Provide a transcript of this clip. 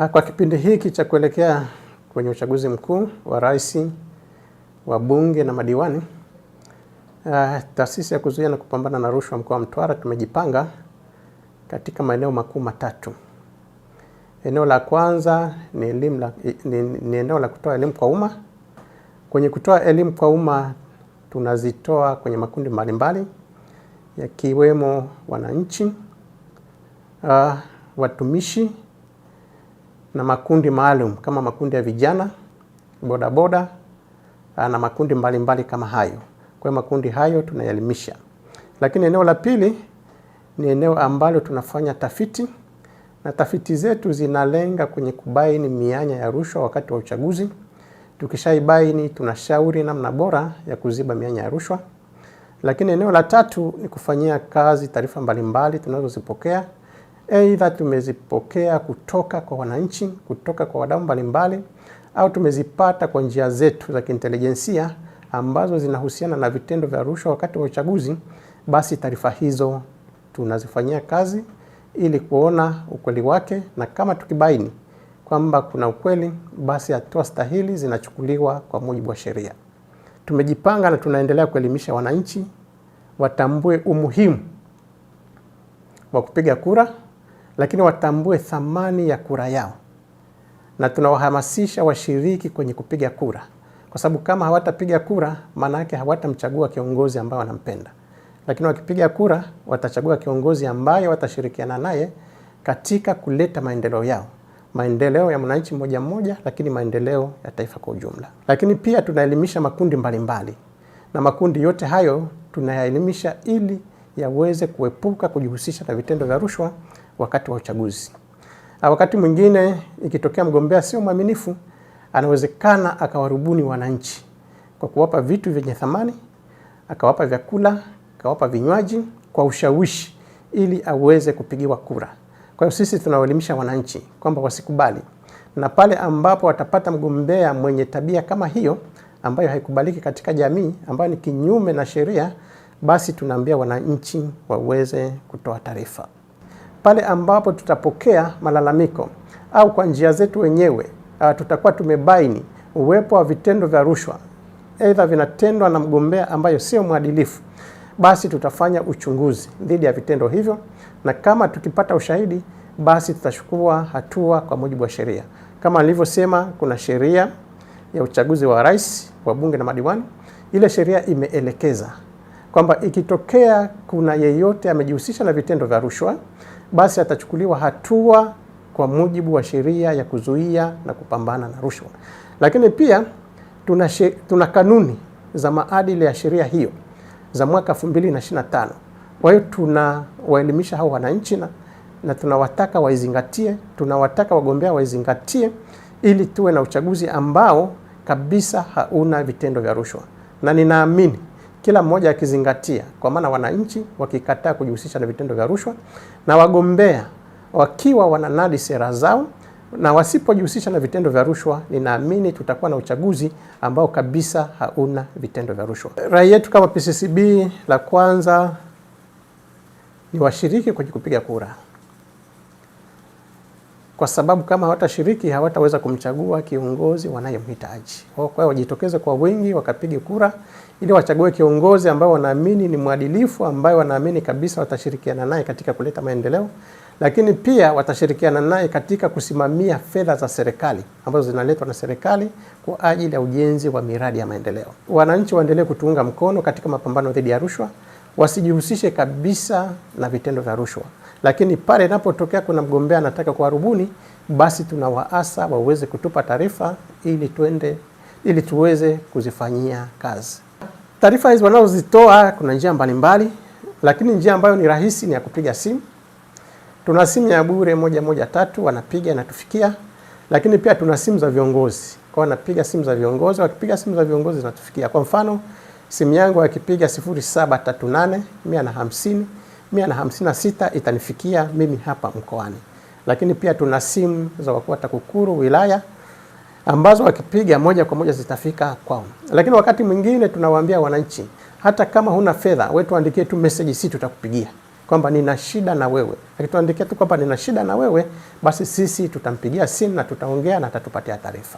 Ah, kwa kipindi hiki cha kuelekea kwenye uchaguzi mkuu wa rais, wa bunge na madiwani, ah, taasisi ya kuzuia na kupambana na rushwa mkoa wa Mtwara tumejipanga katika maeneo makuu matatu. Eneo la kwanza ni, elimu la, ni, ni eneo la kutoa elimu kwa umma. Kwenye kutoa elimu kwa umma tunazitoa kwenye makundi mbalimbali yakiwemo wananchi, uh, watumishi na makundi maalum kama makundi ya vijana, bodaboda ah, na makundi mbalimbali mbali kama hayo. Kwa makundi hayo tunayalimisha, Lakini eneo la pili ni eneo ambalo tunafanya tafiti na tafiti zetu zinalenga kwenye kubaini mianya ya rushwa wakati wa uchaguzi. Tukishaibaini, tunashauri namna bora ya kuziba mianya ya rushwa. Lakini eneo la tatu ni kufanyia kazi taarifa mbalimbali tunazozipokea aidha tumezipokea kutoka kwa wananchi, kutoka kwa wadau mbalimbali, au tumezipata kwa njia zetu za kiintelijensia ambazo zinahusiana na vitendo vya rushwa wakati wa uchaguzi, basi taarifa hizo tunazifanyia kazi ili kuona ukweli wake, na kama tukibaini kwamba kuna ukweli, basi hatua stahili zinachukuliwa kwa mujibu wa sheria. Tumejipanga na tunaendelea kuelimisha wananchi watambue umuhimu wa kupiga kura lakini watambue thamani ya kura yao, na tunawahamasisha washiriki kwenye kupiga kura, kwa sababu kama hawatapiga kura, maana yake hawatamchagua kiongozi ambaye wanampenda, lakini wakipiga kura watachagua kiongozi ambaye watashirikiana naye katika kuleta maendeleo yao, maendeleo ya mwananchi mmoja mmoja, lakini maendeleo ya taifa kwa ujumla. Lakini pia tunaelimisha makundi mbalimbali mbali, na makundi yote hayo tunayaelimisha ili yaweze kuepuka kujihusisha na vitendo vya rushwa wakati wa uchaguzi. Wakati mwingine ikitokea mgombea sio mwaminifu, anawezekana akawarubuni wananchi kwa kuwapa vitu vyenye thamani, akawapa vyakula, akawapa vinywaji kwa ushawishi, ili aweze kupigiwa kura. Kwa hiyo sisi tunawaelimisha wananchi kwamba wasikubali, na pale ambapo watapata mgombea mwenye tabia kama hiyo ambayo haikubaliki katika jamii, ambayo ni kinyume na sheria, basi tunaambia wananchi waweze kutoa taarifa pale ambapo tutapokea malalamiko au kwa njia zetu wenyewe uh, tutakuwa tumebaini uwepo wa vitendo vya rushwa, aidha vinatendwa na mgombea ambayo sio mwadilifu, basi tutafanya uchunguzi dhidi ya vitendo hivyo, na kama tukipata ushahidi, basi tutachukua hatua kwa mujibu wa sheria. Kama nilivyosema, kuna sheria ya uchaguzi wa rais, wa bunge na madiwani. Ile sheria imeelekeza kwamba ikitokea kuna yeyote amejihusisha na vitendo vya rushwa, basi atachukuliwa hatua kwa mujibu wa sheria ya kuzuia na kupambana na rushwa. Lakini pia tuna, she, tuna kanuni za maadili ya sheria hiyo za mwaka 2025. Kwa hiyo tunawaelimisha hao wananchi na, na tunawataka waizingatie, tunawataka wagombea waizingatie ili tuwe na uchaguzi ambao kabisa hauna vitendo vya rushwa, na ninaamini kila mmoja akizingatia, kwa maana wananchi wakikataa kujihusisha na vitendo vya rushwa na wagombea wakiwa wananadi sera zao na wasipojihusisha na vitendo vya rushwa, ninaamini tutakuwa na uchaguzi ambao kabisa hauna vitendo vya rushwa. Rai yetu kama PCCB, la kwanza ni washiriki kwenye kupiga kura kwa sababu kama hawatashiriki hawataweza kumchagua kiongozi wanayemhitaji. Kwa hiyo wajitokeze kwa wingi wakapige kura ili wachague kiongozi ambao wanaamini ni mwadilifu, ambayo wanaamini kabisa watashirikiana naye katika kuleta maendeleo, lakini pia watashirikiana naye katika kusimamia fedha za serikali ambazo zinaletwa na serikali kwa ajili ya ujenzi wa miradi ya maendeleo. Wananchi waendelee kutuunga mkono katika mapambano dhidi ya rushwa, wasijihusishe kabisa na vitendo vya rushwa lakini pale inapotokea kuna mgombea anataka kuwarubuni, basi tunawaasa waweze kutupa taarifa ili tuende ili tuweze kuzifanyia kazi. Taarifa hizi wanazozitoa kuna njia mbalimbali, mbali, lakini njia ambayo ni rahisi ni ya kupiga simu. Tuna simu ya bure moja moja tatu, wanapiga inatufikia, lakini pia tuna simu za viongozi kwa wanapiga simu za viongozi, wakipiga simu za viongozi zinatufikia. Kwa mfano simu yangu akipiga 0738 150 156 itanifikia mimi hapa mkoani, lakini pia tuna simu za wakuu wa TAKUKURU wilaya ambazo wakipiga moja kwa moja zitafika kwao. Lakini wakati mwingine tunawaambia wananchi, hata kama huna fedha, wewe tuandikie tu message, sisi tutakupigia kwamba nina shida na wewe. Akituandikia tu kwamba nina shida na wewe, basi sisi tutampigia simu na tutaongea na atatupatia taarifa.